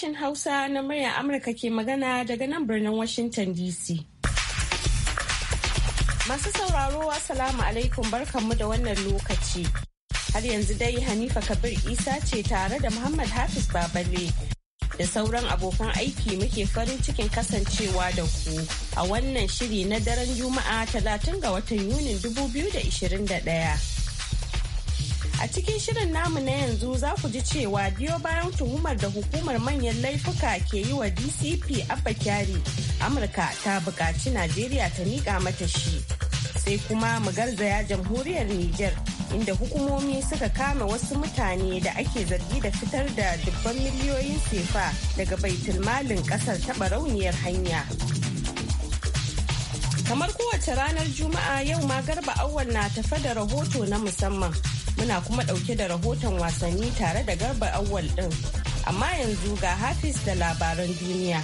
Sashen Hausa na muryar Amurka ke magana daga nan birnin Washington DC. Masu sauraro Assalamu alaikum barkanmu da wannan lokaci. Har yanzu dai Hanifa Kabir Isa ce tare da Muhammad Hafiz Baballe da sauran abokan aiki muke farin cikin kasancewa da ku a wannan shiri na daren Juma'a 30 ga watan Yunin 2021. A cikin shirin namu na yanzu za ku ji cewa biyo bayan tuhumar da hukumar manyan laifuka ke yi wa DCP Abba Kyari, Amurka ta buƙaci Najeriya ta miƙa mata shi. Sai kuma mu garzaya jamhuriyar Nijar inda hukumomi suka kama wasu mutane da ake zargi da fitar da dubban miliyoyin sefa daga malin ƙasar taɓa rauniyar hanya. Kamar kowace ranar Juma'a yau ma garba awwal na tafa da rahoto na musamman. Muna kuma ɗauke da rahoton wasanni tare da garba awwal ɗin. Amma yanzu ga Hafiz da labaran duniya.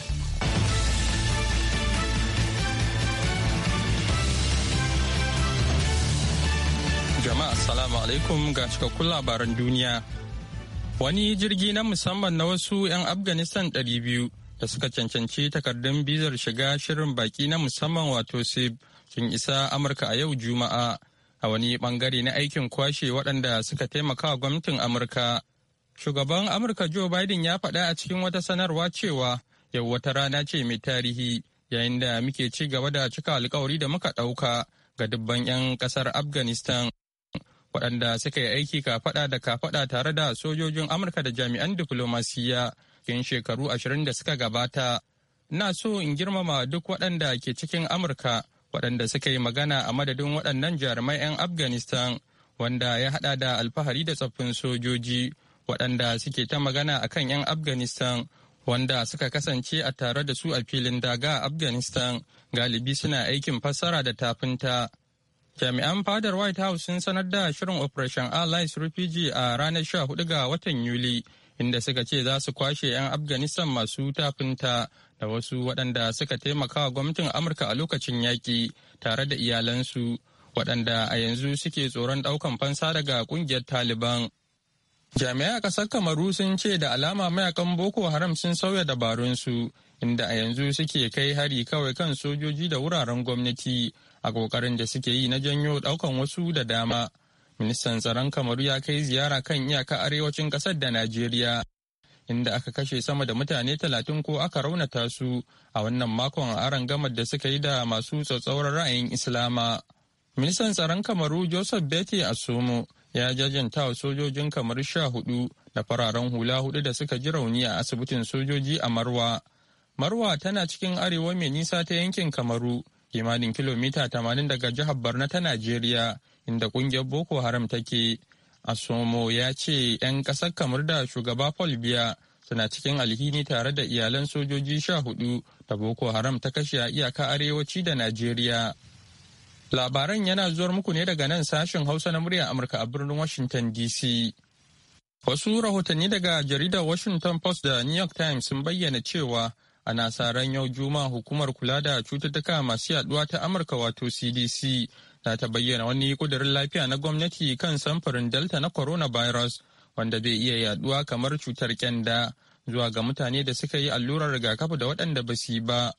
Jama'a Assalamu alaikum ga cikakkun labaran duniya. Wani jirgi na musamman na wasu 'yan Afghanistan 200 da suka cancanci takardun bizar shiga shirin baki na musamman wato SIB sun isa Amurka a yau Juma'a a wani bangare na aikin kwashe waɗanda suka taimaka wa gwamnatin amurka shugaban amurka joe biden ya faɗa a cikin wata sanarwa cewa yau wata rana ce mai tarihi yayin da muke ci gaba da cika alkawari da muka ɗauka ga dubban 'yan ƙasar afghanistan waɗanda suka yi aiki kafaɗa da kafaɗa tare da sojojin amurka da jami'an diflomasiyya cikin shekaru ashirin da suka gabata ina so in girmama duk waɗanda ke cikin amurka waɗanda suka yi magana a madadin waɗannan jarumai 'yan afghanistan wanda ya haɗa da alfahari da tsaffin sojoji waɗanda suke ta magana a kan 'yan afghanistan wanda suka kasance a tare da su a filin daga a afghanistan galibi suna aikin fassara da tafinta jami'an fadar white house sun sanar da shirin operation allies refugee a ranar 14 ga watan yuli inda suka ce za su kwashe 'yan afghanistan masu tafinta da wasu waɗanda suka taimaka wa gwamnatin Amurka a lokacin yaƙi tare da iyalansu waɗanda a yanzu suke tsoron ɗaukan fansa daga ƙungiyar Taliban. Jami'ai a ƙasar Kamaru sun ce da alama mayakan Boko Haram sun sauya dabarunsu inda a yanzu suke kai hari kawai kan sojoji da wuraren gwamnati a ƙoƙarin da suke yi na janyo ɗaukan wasu da dama. Ministan tsaron Kamaru ya kai ziyara kan iyaka arewacin ƙasar da Najeriya. inda aka kashe sama da mutane talatin ko aka raunata su a wannan makon aron gamar da suka yi da masu tsatsauran ra'ayin islama ministan tsaron kamaru joseph betty asomo ya jajanta wa sojojin kamar sha hudu da fararen hula hudu da suka ji rauni a asibitin sojoji a marwa marwa tana cikin arewa mai nisa ta yankin kamaru kimanin kilomita 80 daga jihar barna ta najeriya inda kungiyar boko haram take asomo ya ce 'yan ƙasar kamar da shugaba paul biya suna cikin alhini tare da iyalan sojoji sha hudu da boko haram ta kashe a iyaka arewaci da najeriya labaran yana zuwar muku ne daga nan sashen hausa na murya amurka a birnin washington dc wasu rahotanni daga jaridar washington post da new york times sun bayyana cewa ana sa yau juma hukumar kula da cututtuka masu yaduwa ta amurka wato cdc ta ta bayyana wani kudirin lafiya na gwamnati kan samfurin delta na coronavirus wanda zai iya yaduwa kamar cutar kyanda zuwa ga mutane da suka yi allurar rigakafi da waɗanda ba su yi ba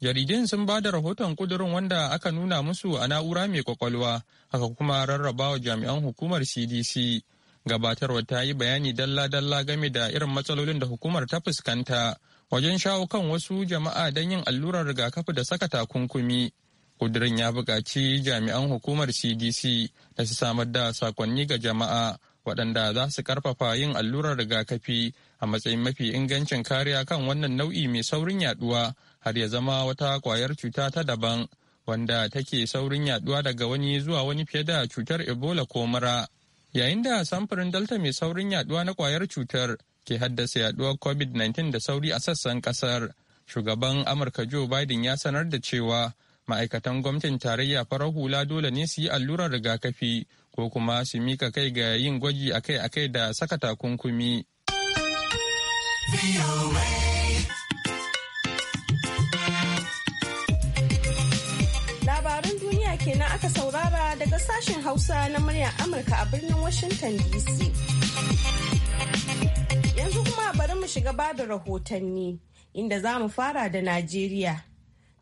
jaridun sun ba da rahoton kudurin wanda aka nuna musu a na'ura mai kwakwalwa haka kuma rarrabawa jami'an hukumar cdc gabatarwa ta yi bayani dalla-dalla game da irin matsalolin da hukumar ta fuskanta wajen shawo kan wasu jama'a don yin allurar rigakafi da saka takunkumi ƙudurin ya buƙaci jami'an hukumar CDC da su samar da sakonni ga jama'a waɗanda za su ƙarfafa yin allurar rigakafi a matsayin mafi ingancin kariya kan wannan nau'i mai saurin yaduwa har ya zama wata ƙwayar cuta ta daban wanda take saurin yaduwa daga wani zuwa wani fiye da cutar Ebola ko mura. Yayin da samfurin Delta mai saurin yaduwa na ƙwayar cutar ke haddasa yaduwar COVID-19 da sauri a sassan ƙasar, shugaban Amurka Joe Biden ya sanar da cewa ma'aikatan gwamnatin tarayya farar hula dole ne su yi allurar rigakafi ko kuma su mika kai ga yin gwaji akai-akai da saka takunkumi. Labaran duniya kenan aka saurara daga sashen Hausa na muryar Amurka a birnin Washington DC. Yanzu kuma bari mu shiga ba rahotanni, inda za mu fara da Najeriya.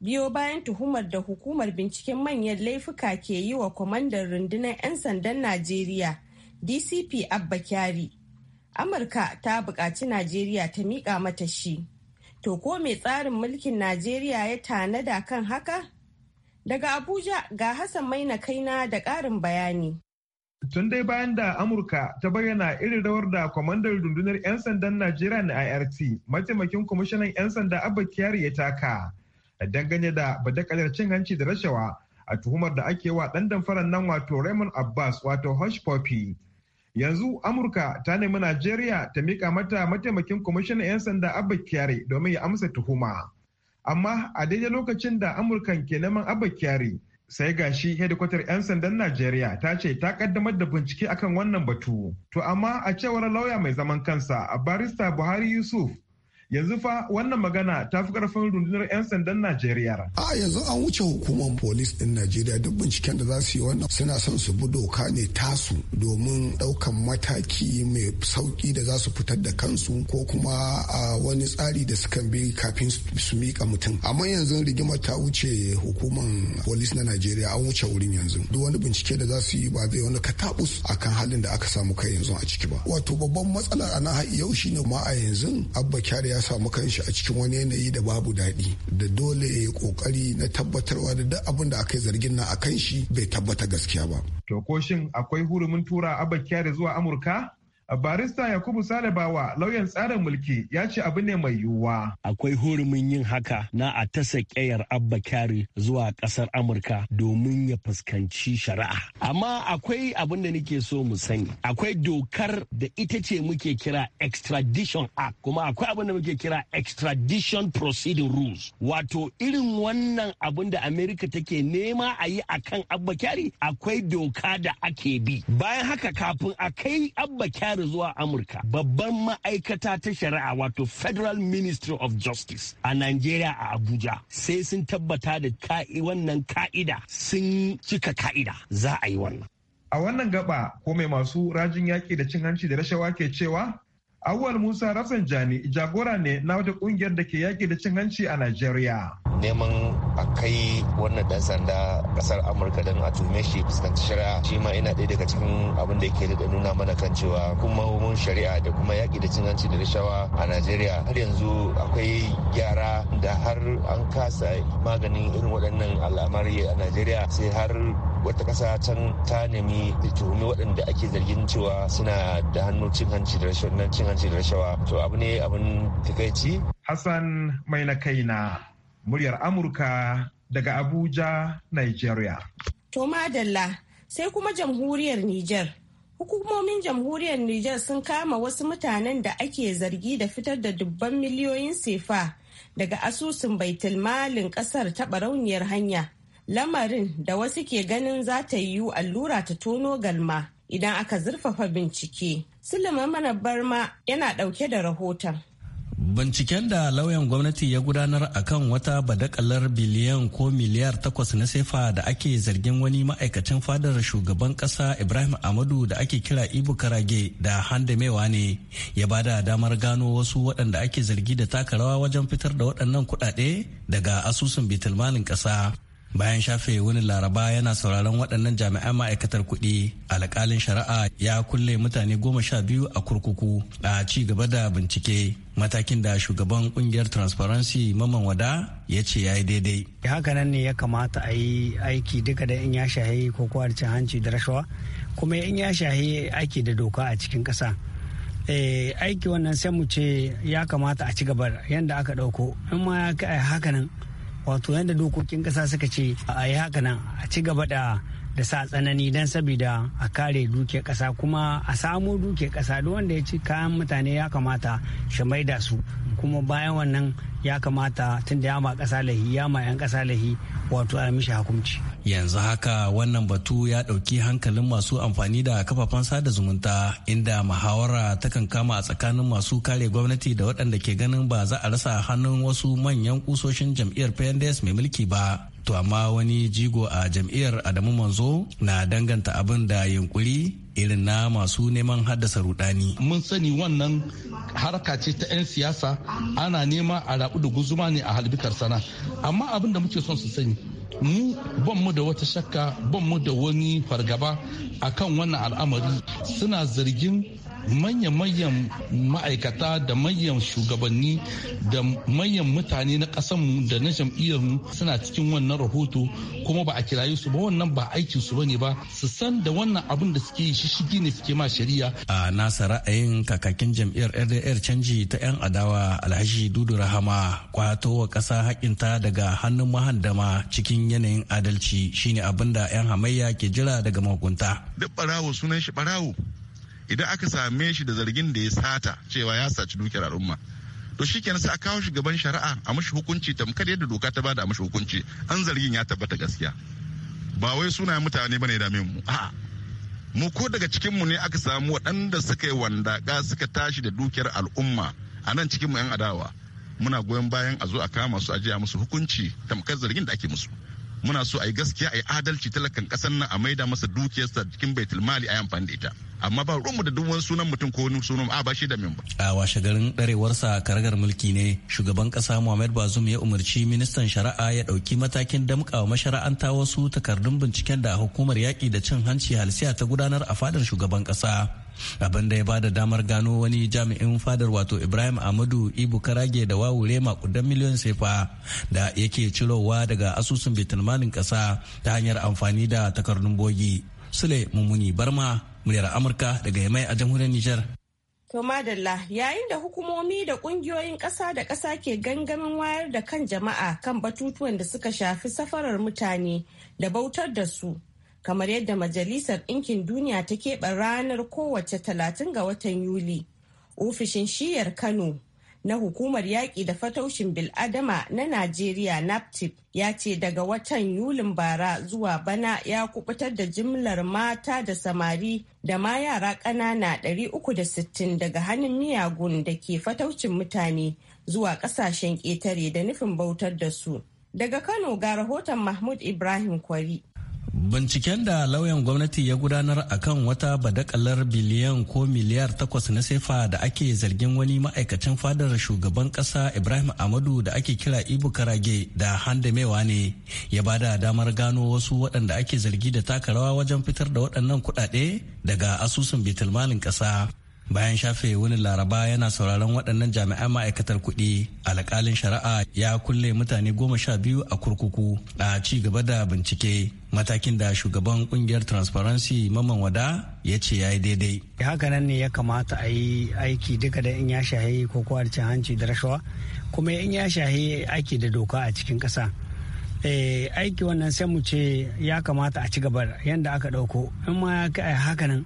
biyo bayan tuhumar da hukumar binciken manyan laifuka ke yi wa kwamandan rundunar 'yan sandan najeriya dcp abba kyari amurka ta buƙaci najeriya ta miƙa mata shi to ko mai tsarin mulkin najeriya ya tanada kan haka daga abuja ga hassan maina kaina da ƙarin bayani tun dai bayan da amurka ta bayyana irin rawar da kwamandar rundunar 'yan sandan najeriya na irt mataimakin kwamishinan 'yan sanda abba kyari ya taka dangane da badakalar cin hanci da rashawa a tuhumar da ake wa ɗan damfarar nan wato Raymond Abbas wato Hush Poppy. Yanzu Amurka ta nemi Najeriya ta mika mata mataimakin kwamishinan 'yan sanda Abba Kyari domin ya amsa tuhuma. Amma a daidai lokacin da Amurkan ke neman Abba Kyari sai gashi shi hedikwatar 'yan sandan Najeriya ta ce ta kaddamar da bincike akan wannan batu. To amma a cewar lauya mai zaman kansa a barista Buhari Yusuf yanzu fa wannan magana ta fi karfin rundunar 'yan sandan najeriya a yanzu an wuce hukumar polis din najeriya duk binciken da za su yi wannan suna son su bi doka ne tasu domin daukan mataki mai sauki da za su fitar da kansu ko kuma a wani tsari da suka bi kafin su mika mutum amma yanzu rigimar ta wuce hukumar polis na najeriya an wuce wurin yanzu duk wani bincike da za su yi ba zai wani katabus a kan halin da aka samu kai yanzu a ciki ba wato babban matsala a nan yau shine ma a yanzu abba kyari ya samu kanshi a cikin wani yanayi da babu daɗi da dole ya kokari na tabbatarwa da duk abin da aka yi zargin nan a kan shi bai tabbata gaskiya ba. To ko shin akwai hurumin tura abakkiya da zuwa Amurka? barista yakubu salibawa lauyan tsarin mulki ya ce abu ne mai yiwuwa akwai hurumin yin haka na a tasa ƙeyar abba kyari zuwa ƙasar amurka domin ya fuskanci shari'a amma akwai abin da nake so mu sani akwai dokar da ita ce muke kira extradition act kuma akwai abin da muke kira extradition proceeding rules wato irin wannan abin da america take nema a yi akan abba kyari akwai doka da ake bi bayan haka kafin a kai abba kyari tsari zuwa Amurka babban ma'aikata ta shari'a wato Federal Ministry of Justice a Najeriya a Abuja sai sun tabbata da ka'i wannan ka'ida sun cika ka'ida za a yi wannan. A wannan gaba ko mai masu rajin yaƙi da cin hanci da rashawa ke cewa Awal Musa Rafsanjani jagora ne na wata ƙungiyar da ke yaƙi da cin hanci a Najeriya. neman a kai wannan dan sanda kasar amurka don a tume shi fuskanci shari'a shi ma ina ɗaya daga cikin abin da yake da nuna mana kan cewa kuma hukumomin shari'a da kuma yaƙi da cin hanci da rashawa a najeriya har yanzu akwai yara da har an kasa maganin irin waɗannan al'amari a najeriya sai har wata ƙasa can ta nemi tuhumi waɗanda ake zargin cewa suna da hannu cin hanci da rashawa cin hanci da rashawa to abu ne abin takaici hassan mai na kaina muryar Amurka daga Abuja, Nigeria. To madalla sai kuma jamhuriyar Nijar. Hukumomin jamhuriyar Nijar sun kama wasu mutanen da ake zargi da fitar da dubban miliyoyin sefa daga asusun baitul malin kasar ta barauniyar hanya. Lamarin da wasu ke ganin za ta yiwu allura ta tono galma idan aka zurfafa bincike. Suleiman Barma yana ɗauke da rahoton. Binciken da lauyan gwamnati ya gudanar a kan wata badakalar biliyan ko miliyar takwas na sefa da ake zargin wani ma'aikacin fadar shugaban kasa Ibrahim Amadu da ake kira Ibu Karage da handamewa ne ya bada damar gano wasu waɗanda ake zargi da taka rawa wajen fitar da waɗannan kuɗaɗe daga asusun bitilmanin ƙasa. bayan shafe wani laraba yana sauraron waɗannan jami'an ma'aikatar kuɗi alƙalin shari'a ya kulle mutane goma sha biyu a kurkuku a ci gaba da bincike matakin da shugaban ƙungiyar transparency maman wada ya ce ya yi daidai haka nan ne ya kamata a yi aiki duka da in ya shahi ko kuwa cin hanci da rashawa kuma in ya shahi aiki da doka a cikin ƙasa eh, aiki wannan sai mu ce ya kamata a ci gaba yadda aka ɗauko in ma ya haka nan wato yadda dokokin kasa suka ce a yi haka nan a ci gaba da da sa tsanani don sabida a kare duke kasa kuma a samu duke kasa duk wanda ya ci kayan mutane ya kamata shi maida su kuma bayan wannan ya kamata tun da ya ma kasa lahi ya ma 'yan kasa lahi wato a mishi hukunci. yanzu haka wannan batu ya ɗauki hankalin masu amfani da kafafen sada zumunta inda muhawara ta kan kama a tsakanin masu kare gwamnati da waɗanda ke ganin ba za a rasa hannun wasu manyan kusoshin jam'iyyar pnds mai mulki ba to amma wani jigo a jam'iyyar adamu manzo na danganta abin da yunkuri irin na masu neman haddasa rudani. Mun sani wannan harka ce ta 'yan siyasa ana nema a rabu da guzuma ne a halbitar sana. Amma abin da muke son su sani mu ban mu da wata shakka ban mu da wani fargaba akan wannan al'amari suna zargin manyan-manyan ma'aikata da manyan shugabanni da manyan mutane na ƙasanmu da na jam'iyyarmu suna cikin wannan rahoto kuma ba a kirayu su ba wannan ba aikin su bane ba su san da wannan abin da suke yi shishigi ne suke ma shari'a. A nasa ra'ayin kakakin jam'iyyar RDR canji ta 'yan adawa Alhaji Dudu Rahama kwato wa ƙasa haƙinta daga hannun mahandama cikin yanayin adalci shine abin da 'yan hamayya ke jira daga mahukunta. Duk barawo sunan shi barawo idan aka same shi da zargin da ya sata cewa ya saci dukiyar al'umma to shi kenan sai a kawo shugaban shari'a a mashi hukunci tamkar yadda doka ta bada a mashi hukunci an zargin ya tabbata gaskiya ba wai sunayen mutane bane dame mu a'a mu ko daga cikin mu ne aka samu waɗanda suka yi wandaka suka tashi da dukiyar al'umma a nan cikin mu yan adawa muna goyon bayan a zo a kama su a jiya musu hukunci tamkar zargin da ake musu muna so a yi gaskiya a yi adalci talakan kasar nan a maida masa dukiyarsa cikin baitul mali a yi amfani da ita amma ba ruwanmu da duk wani sunan mutum ko wani sunan a ba shi da min ba. a washe garin ɗarewarsa karagar mulki ne shugaban ƙasa muhammad bazum ya umarci ministan shari'a ya ɗauki matakin wa mashara'anta wasu takardun binciken da hukumar yaƙi da cin hanci halsiya ta gudanar a fadar shugaban ƙasa. abin da ya bada damar gano wani jami'in fadar wato ibrahim amadu ibu karage da wawure makudan miliyan sefa da yake cirowa daga asusun bitulmanin kasa ta hanyar amfani da takardun bogi sule mummuni barma muryar amurka daga yamai a jamhuriyar nijar To madalla yayin da hukumomi da kungiyoyin ƙasa da ƙasa ke gangamin wayar da kan jama'a kan batutuwan da suka shafi safarar mutane da bautar da su kamar yadda Majalisar Ɗinkin Duniya ta keɓe ranar kowace 30 ga watan Yuli. Ofishin shiyar Kano na Hukumar Yaƙi da Fataushin Biladama na Najeriya NAPTIP ya ce daga watan Yulin bara zuwa bana ya kubutar da jimlar mata da samari da ma yara ƙanana 360 daga hannun miyagun da ke fataucin mutane zuwa ƙasashen ƙetare da nufin bautar da su. Daga Kano ga rahoton Mahmud Ibrahim Kwari. Binciken da lauyan gwamnati ya gudanar a kan wata badakalar biliyan ko miliyar takwas na sefa da ake zargin wani ma'aikacin fadar shugaban kasa Ibrahim Amadu da ake kira Ibu Karage da handamewa ne ya bada damar gano wasu waɗanda ake zargi da takarawa wajen fitar da waɗannan kuɗaɗe daga asusun bitilmalin ƙasa. bayan shafe wani laraba yana sauraron waɗannan jami'an ma'aikatar kuɗi alƙalin shari'a ya kulle mutane goma sha biyu a kurkuku a ci gaba da bincike matakin da shugaban ƙungiyar transparency maman wada ya ce ya yi daidai haka nan ne ya kamata a yi aiki duka da in ya shahi ko da cin hanci da rashawa kuma in ya shahi aiki da doka a cikin ƙasa eh, aiki wannan sai mu ce ya kamata a ci gaba yadda aka ɗauko in ma ya haka nan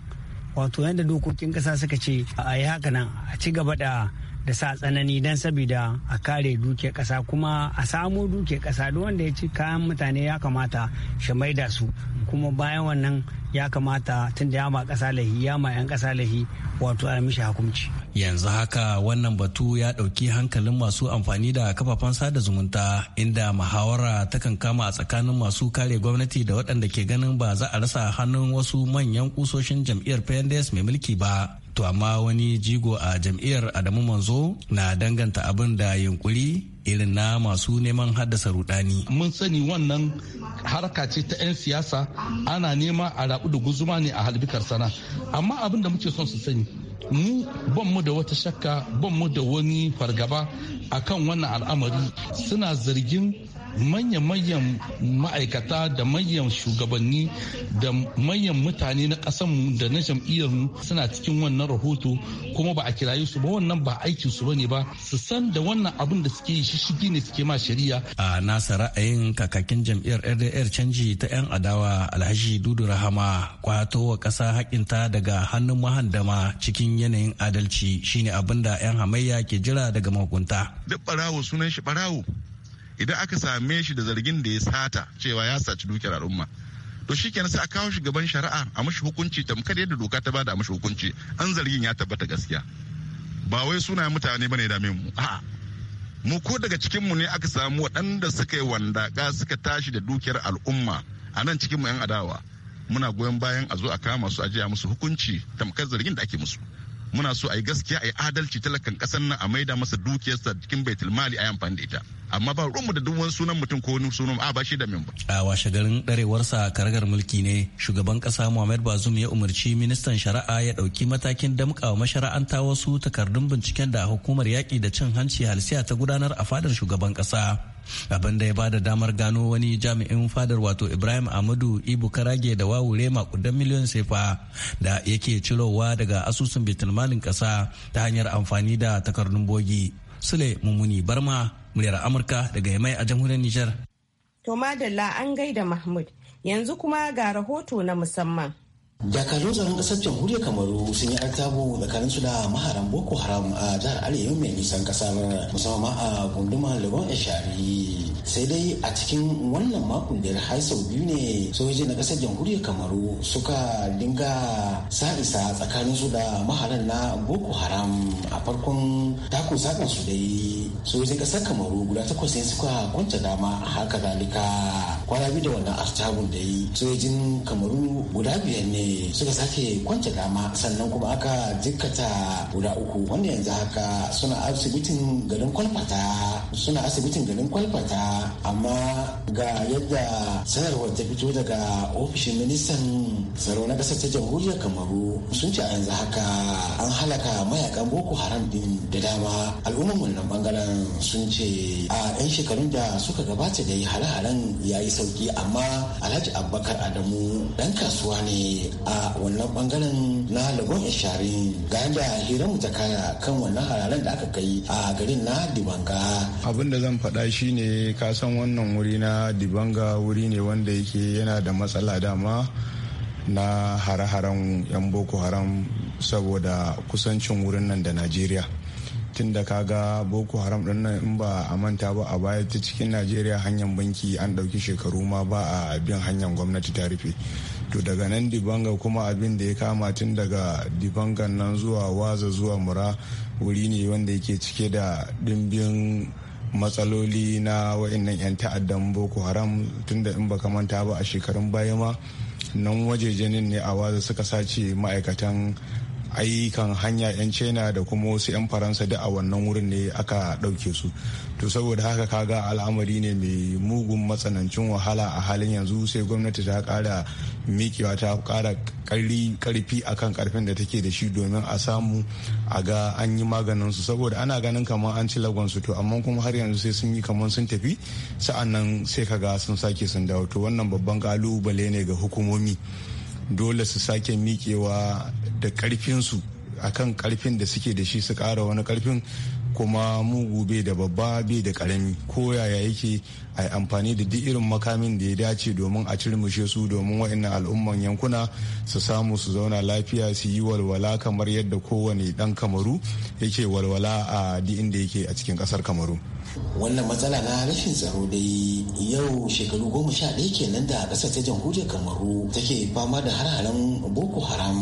wato yadda dokokin kasa suka ce a yi haka nan a ci gaba da da sa tsanani don sabida a kare duke kasa kuma a samu duke kasa duk wanda ya ci kayan mutane ya kamata shi maida su kuma bayan wannan ya kamata tun da ya ma kasa lahi ya ma 'yan kasa lahi wato a mishi hukunci yanzu haka wannan batu ya ɗauki hankalin masu amfani da kafafen sada zumunta inda muhawara takan kama a tsakanin masu kare gwamnati da waɗanda ke ganin ba za a rasa hannun wasu manyan kusoshin jam'iyyar pnds mai mulki ba to amma wani jigo a jam'iyyar adamu manzo na danganta abin da yunkuri irin na masu neman haddasa rudani. Mun sani wannan harka ce ta 'yan siyasa ana nema a rabu da guzuma ne a halbikar sana. Amma abin da muke son su sani mu ban mu da wata shakka ban mu da wani fargaba akan wannan al'amari suna zargin manyan-manyan ma'aikata da manyan shugabanni da manyan mutane na ƙasanmu da na jam'iyyarmu suna cikin wannan rahoto kuma ba a kiraye su ba wannan ba aikin su bane ba su san da wannan abin da suke yi shishigi ne suke ma shari'a. A nasa ra'ayin kakakin jam'iyyar RDR canji ta 'yan adawa Alhaji Dudu Rahama kwato wa ƙasa haƙinta daga hannun mahandama cikin yanayin adalci shine abin da 'yan hamayya ke jira daga mahukunta. Duk barawo sunan shi barawo idan aka same shi da zargin da ya sata cewa ya saci dukiyar al'umma to kenan sai a kawo shi shari'a a mashi hukunci tamkar yadda doka ta bada a mashi hukunci an zargin ya tabbata gaskiya ba wai suna mutane bane da mu a'a mu ko daga cikin mu ne aka samu waɗanda suka yi wandaka suka tashi da dukiyar al'umma a nan cikin mu yan adawa muna goyon bayan a zo a kama su a jiya musu hukunci tamkar zargin da ake musu muna so a yi gaskiya a yi adalci talakan kasar nan a maida masa dukiyarsa cikin baitul mali a yi amfani da ita amma ba ruwanmu da duk wani sunan mutum ko wani sunan a ba shi da min ba. a washe garin ɗarewarsa karagar mulki ne shugaban kasa muhammad bazum ya umarci ministan shari'a ya ɗauki matakin damƙawa mashara'anta wasu takardun binciken da hukumar yaƙi da cin hanci halsiya ta gudanar a fadar shugaban kasa. abin da ya ba da damar gano wani jami'in fadar wato ibrahim amadu ibu karage da wawure makudan miliyon sefa da yake cirowa daga asusun bitulmanin kasa ta hanyar amfani da takardun bogi sule mummuni barma muryar amurka daga yamai a jamhuriyar nijar to madalla an gaida mahmud yanzu kuma ga rahoto na musamman dakarun tsaron kasar jamhuriyar kamaru sun yi artabu tsakanin su da maharan boko haram a jihar arewa mai nisan kasar musamman a gunduma laban shari sai dai a cikin wannan makon da har sau biyu ne sojoji na kasar jamhuriyar kamaru suka dinga sa isa tsakanin su da maharan na boko haram a farkon takun sakan su dai sojoji kasar kamaru guda takwas ne suka kwanta dama haka zalika kwana biyu da wannan artabun da yi sojojin kamaru guda biyar ne suka sake kwance dama sannan kuma aka jikkata guda uku wanda yanzu haka suna asibitin garin kwalfata suna asibitin garin kwalfata amma ga yadda sanarwar ta fito daga ofishin ministan tsaro na ƙasar ta jamhuriyar kamaru sun ce a yanzu haka an halaka mayakan boko haram din da dama al'ummar wannan bangaren sun ce a 'yan shekarun da suka gabata da yi hare-haren ya yi sauki amma alhaji abubakar adamu dan kasuwa ne a wannan bangaren na lagos ishari ga yadda hira ta kaya kan wannan hararen da aka kai a garin na dibanga abin da zan faɗa shine ka san wannan wuri na dibanga wuri ne wanda yake yana da matsala dama na hare-haren 'yan boko haram saboda kusancin wurin nan da najeriya tun da kaga boko haram din nan in ba a manta ba a baya ta cikin najeriya hanyar banki an ɗauki shekaru ma ba a bin hanyar gwamnati ta rufe to daga nan dibanga kuma abin da ya kama tun daga dibangan nan zuwa waza zuwa mura wuri ne wanda yake cike da dimbin matsaloli na wa'annan 'yan ta'addan boko haram tun da in baka manta ba a shekarun baya ma nan wajejenin ne a waza suka sace ma'aikatan ayyukan hanya 'yan china da kuma wasu 'yan faransa da a wannan wurin ne aka ɗauke su to saboda haka kaga al'amari ne mai mugun matsanancin wahala a halin yanzu sai gwamnati ta kara mikewa ta ƙara karfi akan karfin da take da shi domin a samu a ga an yi maganin su saboda ana ganin kamar an ci lagon to amma kuma har yanzu sai sun yi kamar sun tafi sa'an nan sai kaga sun sake sun dawo to wannan babban kalubale ne ga hukumomi dole su sake mikewa da karfinsu kan karfin da suke da shi su kara wani karfin kuma mugu bai da babba bai da karami ko yaya yake a yi amfani da duk irin makamin da ya dace domin a cirmushe su domin wa'annan al'umman yankuna su samu su zauna lafiya su yi walwala kamar yadda kowane dan kamaru yake walwala a duk inda yake a cikin kasar kamaru wannan matsala na rashin tsaro dai yau shekaru goma sha ɗaya kenan da ƙasar ta jamhuriyar kamaru take fama da har-haren boko haram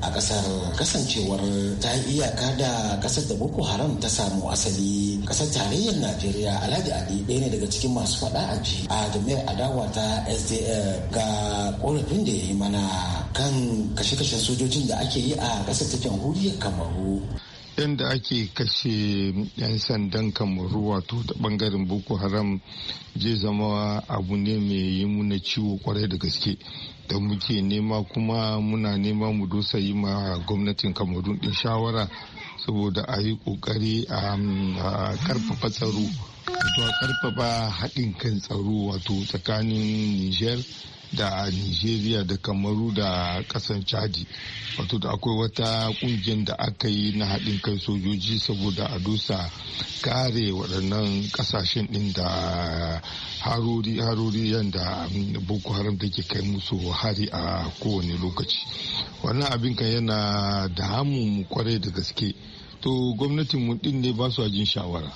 a kasar kasancewar ta iyaka da kasar da boko haram ta samu asali kasar tarayyar najeriya alhaji ali ɗaya ne daga cikin masu faɗa a ji a jami'ar adawa ta sdf ga korafin da ya yi mana kan kashe kashe sojojin da ake yi a kasar ta jamhuriyar kamaru yadda ake kashe 'yan sandan kamaru wato ta bangaren boko haram zai zama abu ne mai yi muna ciwo kwarai da gaske da muke nema kuma muna nema mu dosa yi ma gwamnatin kamarun din shawara saboda a yi kokari um, a karfafa tsaro wato a karfafa haɗin kan tsaro wato tsakanin niger da nigeria da kamaru da kasan chadi wato da akwai wata kungiyar da aka yi na haɗin kai sojoji saboda a dusa kare waɗannan ƙasashen ɗin da harori harori yadda boko haram ke kai musu hari a kowane lokaci wannan abin kan yana da hamun kwarai da gaske to gwamnatin mu ɗin ne ba su jin shawara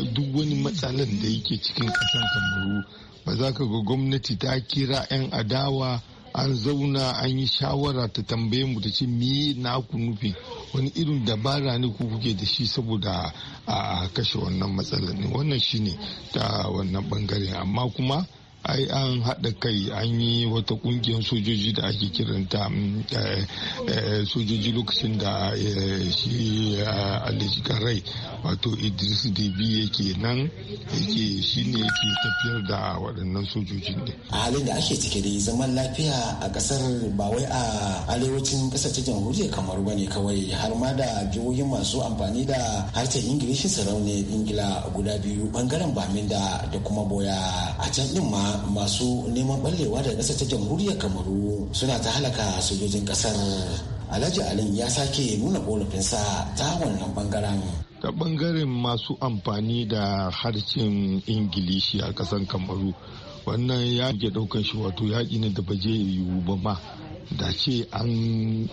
duk wani matsalar da yake cikin kasan kamaru ba za ka ga gwamnati ta kira 'yan adawa an zauna an yi shawara ta tambaye mu ta ce me na ku nufi wani irin dabara ne ku kuke da shi saboda a kashe wannan matsalar ne wannan shine ta wannan bangare amma kuma ai an haɗa kai an yi wata ƙungiyar sojoji da ake kiranta mm, eh, eh, sojoji lokacin da eh, shi alhaji rai wato idris debi yake nan yake shi ne yake tafiyar da waɗannan sojoji ne a halin da ake cike da zaman lafiya a ƙasar ba wai a arewacin ƙasar ta jamhuriyar kamar ba kawai har ma da jihohin masu amfani da harshen ingilishin sarauniyar ingila guda biyu bangaren baminda da kuma boya a can ɗin ma masu neman ɓallewa da ƙasar ta jamhuriyar kamaru suna ta halaka sojojin ƙasar alhaji alin ya sake nuna ƙorafinsa ta wannan bangaren ta bangaren masu amfani da harshen ingilishi a ƙasar kamaru wannan ya ke ɗaukar shi wato yaƙi ne da baje yiwu ba ma da ce an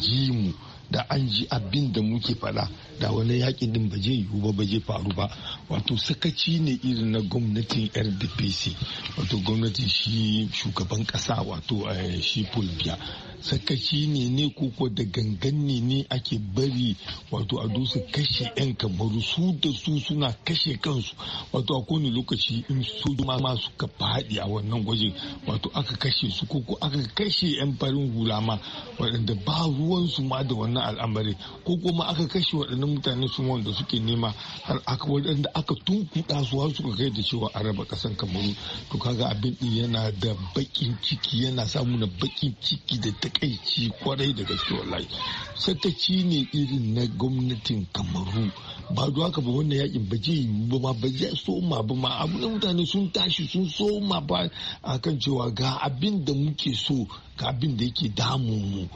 ji mu da an ji abin da muke faɗa da wani yaƙi din ba zai yiwu ba ba zai faru ba wato sakaci ne irin na gwamnatin rdpc wato gwamnatin shi shugaban kasa wato eh, shi fulbiya sakaci ne ne koko da gangan ne ne ake bari wato a kashe 'yan kamaru su da su suna kashe kansu wato a kowane lokaci in su ma suka faɗi a wannan gwajin wato aka kashe su koko aka kashe 'yan farin hula ma waɗanda ba ruwansu ma da wannan al'amari ko kuma aka kashe waɗannan mutane su wanda suke nema har aka waɗanda aka tunkuɗa su har suka kai da cewa a raba ƙasan kamaru to kaga abin ɗin yana da baƙin ciki yana samu na baƙin ciki da ta. takaici kwarai da gaske wallahi sakaci ne irin na gwamnatin kamaru ba da haka ba wannan yakin ba je ba ma ba s'o ma ba ma abin da mutane sun tashi sun s'o soma ba akan cewa ga abin da muke so ga abin da yake damun mu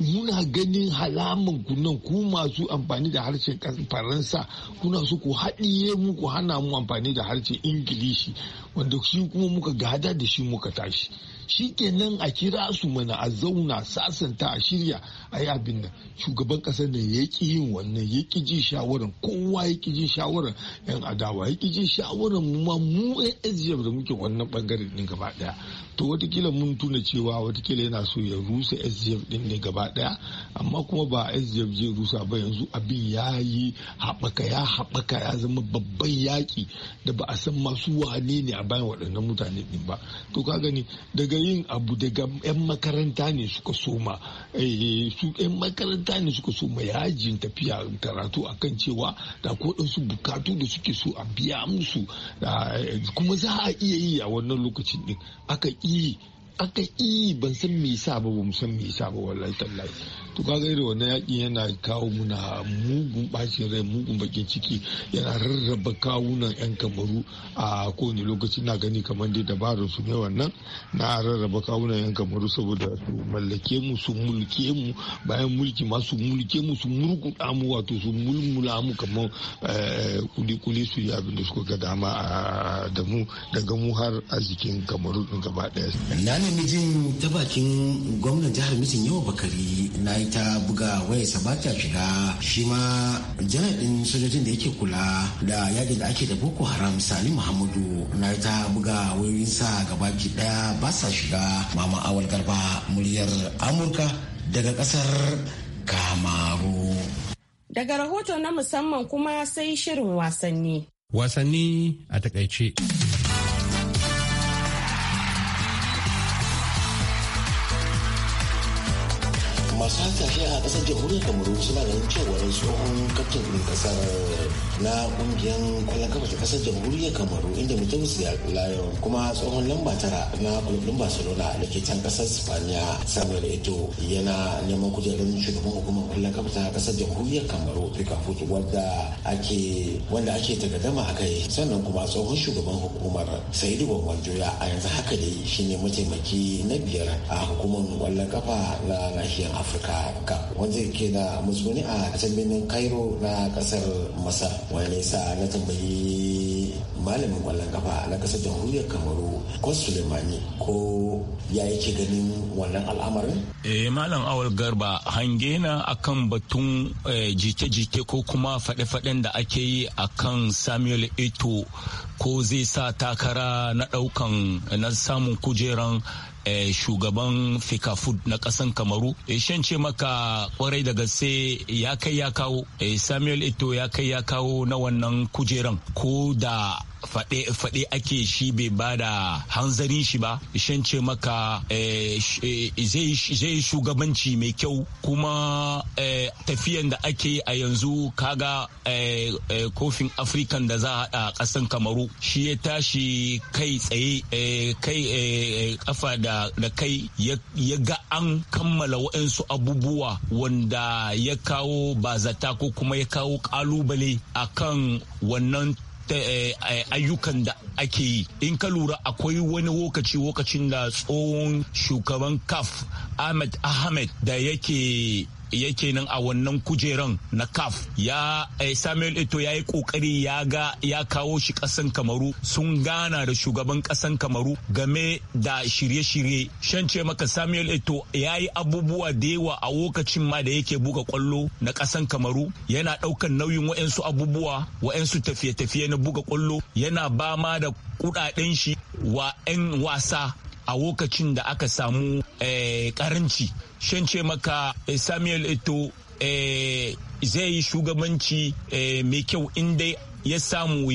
muna ganin halaman ku nan ku masu amfani da harshen faransa kuna so ku haɗiye mu ku hana mu amfani da harshen ingilishi wanda shi kuma muka gada da shi muka tashi shikenan a kira su mana a zauna sasanta a shirya a yi abin da shugaban kasar da ya ki yin wannan ya ki ji shawarar kowa ya ki ji shawarar yan adawa ya ki ji mu ma mu yan da muke wannan bangare din gaba daya to watakila mun tuna cewa watakila yana so ya rusa sgf din ne gaba daya amma kuma ba sgf zai rusa ba yanzu abin ya yi haɓaka ya haɓaka ya zama babban yaƙi da ba a san masu wane ne a bayan waɗannan mutane din ba to ka gani daga yin abu daga 'yan makaranta ne suka soma eh, su 'yan makaranta ne suka soma yajin tafiya karatu akan cewa da ko bukatu da suke so a biya musu eh, kuma za a iya yi a wannan lokacin din aka 一。aka yi ban san me yasa ba mu san me yasa ba wallahi tallahi to kaga irin wannan yaƙi yana kawo muna mugun bacin rai mugun bakin ciki yana rarraba kawunan yan kamaru a kowane lokaci na gani kamar dai dabarar su ne wannan na rarraba kawunan yan kamaru saboda su mallake mu su mulke mu bayan mulki ma su mulke mu su murkuɗa mu wato su mulmula mu kamar eh, kuli-kuli su yi abin da suka ga dama ah, da mu daga mu har a arzikin kamaru ɗin gaba ɗaya. maganar jin ta bakin gwamnan jihar mijin yawa bakari na yi ta buga wayarsa ba ta shiga shi ma janar ɗin sojojin da yake kula da yakin da ake da boko haram sani muhammadu na yi ta buga gaba gabaki daya ba sa shiga mama awal garba muryar amurka daga ƙasar kamaru daga rahoto na musamman kuma sai shirin wasanni wasanni a takaice. masu hasashe a kasar jamhuriyar kamaru suna ganin da tsohon kaftin ɗin kasar na kungiyar kwallon kafa ta kasar jamhuriyar kamaru inda mutum ya layon kuma tsohon lamba tara na kulubin barcelona da ke can kasar spaniya samuel eto yana neman kujerun shugaban hukumar kwallon kafa ta kasar jamhuriyar kamaru fika hutu wanda ake wanda ake tagadama a kai sannan kuma tsohon shugaban hukumar saidu joya a yanzu haka dai shine mataimaki na biyar a hukumar kwallon kafa na nahiyar afirka afirka ga wanda ke da musguni a can birnin cairo na kasar masar wani sa na tambayi malamin kwallon kafa na kasar jamhuriyar kamaru ko sulemani ko ya yake ganin wannan al'amarin eh malam awal garba hange na akan batun jike eh, jike ko kuma faɗe-faɗen da ake yi akan samuel eto ko zai sa takara na ɗaukan na samun kujeran Eh, shugaban fika food na kasan kamaru eh, shan ce maka kwarai daga sai ya kai ya kawo eh, samuel ito ya kai ya kawo na wannan kujeran ko da faɗe ake shi bai ba da hanzarin shi ba shan ce maka eh, eh, zai shugabanci mai kyau kuma eh, tafiyan da ake a yanzu kaga kofin afirkan da za a ƙasan kamaru shi ya tashi kai tsaye kai kafa da kai ya ga an kammala waɗansu abubuwa wanda ya kawo bazata ko kuma ya kawo ƙalubale a kan wannan Eh, eh, ayyukan da ake yi in ka lura akwai wani lokaci lokacin da tsohon shugaban kaf ahmed ahmed da yake yake nan a wannan kujeran na CAF ya eh, Samuel Eto ya yi kokari ya ga ya kawo shi kasan Kamaru sun gana da shugaban kasan Kamaru game da shirye-shirye shan ce maka Samuel Eto ya yi abubuwa da yawa a lokacin ma da yake buga kwallo na kasan Kamaru yana daukan nauyin waɗansu abubuwa wa'ensu tafiye-tafiye na buga kwallo yana ba ma da kudaden shi wa 'yan wasa a lokacin da aka samu eh, karanci shan ce maka eh, samuel eto eh, zai yi shugabanci mai kyau inda ya samu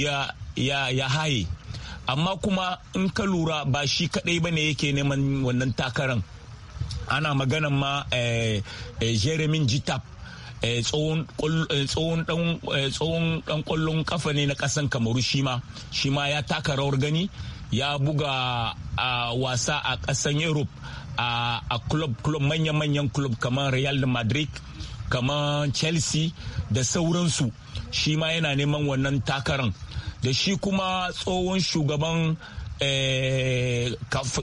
ya haye amma kuma in ka lura ba shi kadai ba ne yake neman wannan takaran ana maganan ma jeremin jitap tsohon ɗan ƙwallon ƙafa ne na kasan kamaru Shima Shima ya taka rawar gani ya buga a wasa a ƙasan europe a club club manya-manyan club kamar real madrid kamar chelsea da sauransu shi ma yana neman wannan takaran da shi kuma tsohon shugaban eh,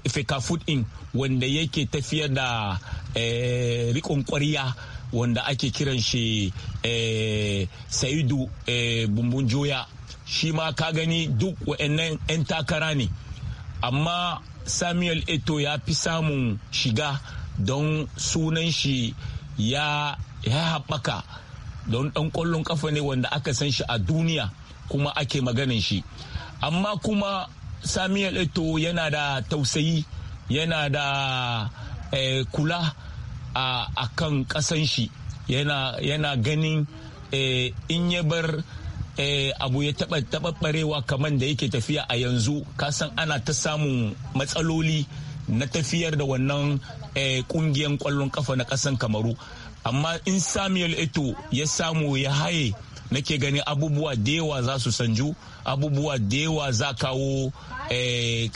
fekafut in wanda yake tafiya da eh, rikon kwariya wanda ake kiran shi eh, saidu bumbun joya shi ma ka gani duk wa'annan 'yan takara ne amma samuel eto ya fi samun shiga don sunan shi ya haɓaka don ɗan ƙwallon ƙafa ne wanda aka san shi a duniya kuma ake maganin shi amma kuma samuel eto yana da tausayi yana da eh, kula a, a kan ƙasan shi yana, yana ganin eh, in ya bar Eh, abu ya taba taɓaɓɓarewa kamar da yake tafiya a yanzu kasan ana ta samun matsaloli na tafiyar da wannan kungiyar eh, ƙwallon kafa na ƙasan kamaru amma in samuel eto ya samu ya haye nake gani abubuwa da yawa za su sanju abubuwa da yawa za kawo eh,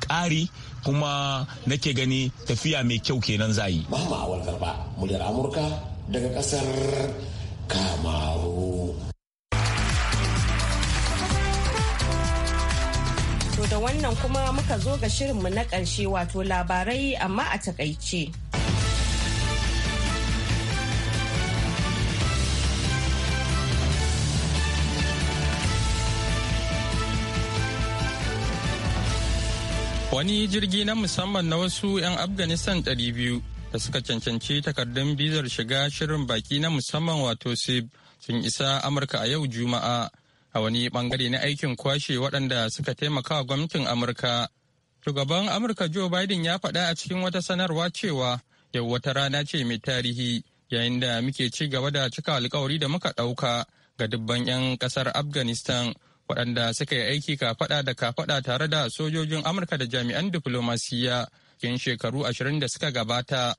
ƙari kuma nake gani tafiya mai kyau kenan za yi. Mama Garba, muryar Amurka daga ƙasar Kamaru. To da wannan kuma muka zo ga shirinmu na ƙarshe wato labarai amma a takaice. Wani jirgi na musamman na wasu 'yan Afghanistan 200 da suka cancanci takardun bizar shiga shirin baki na musamman wato SIB sun isa Amurka a yau Juma'a a wani bangare na aikin kwashe waɗanda suka taimaka wa gwamnatin amurka shugaban amurka joe biden ya faɗa a cikin wata sanarwa cewa yau wata rana ce mai tarihi yayin da muke ci gaba da cika alkawari da muka ɗauka ga dubban 'yan ƙasar afghanistan waɗanda suka yi aiki kafaɗa da kafaɗa tare da sojojin amurka da jami'an diflomasiyya cikin shekaru ashirin da suka gabata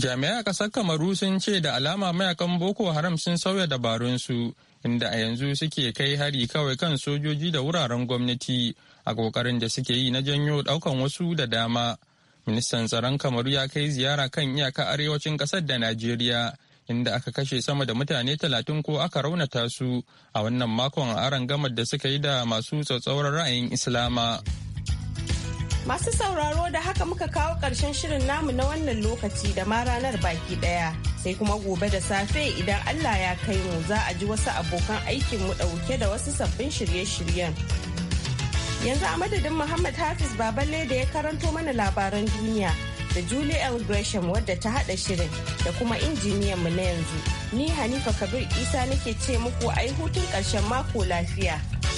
jami'ai a ƙasar kamaru sun ce da alama mayakan boko haram sun sauya dabarunsu inda a yanzu suke kai hari kawai kan sojoji da wuraren gwamnati a ƙoƙarin da suke yi na janyo ɗaukan wasu da dama. Ministan tsaron Kamaru ya kai ziyara kan iyaka arewacin ƙasar da Najeriya, inda aka kashe sama da mutane talatin ko aka raunata su a wannan makon a aron gamar da suka yi da masu tsatsauran ra'ayin Islama. Masu sauraro da haka muka kawo ƙarshen shirin namu na wannan lokaci da ma ranar baki ɗaya. Sai kuma gobe da safe idan Allah ya kai mu za a ji wasu abokan aikin mu ɗauke da wasu sabbin shirye-shiryen. Yanzu a madadin Muhammad Hafiz Baballe da ya karanto mana labaran duniya da Julie L. Gresham wadda ta haɗa shirin da kuma injiniyan mu na yanzu. Ni Hanifa Kabir Isa nake ce muku ai hutun ƙarshen mako lafiya.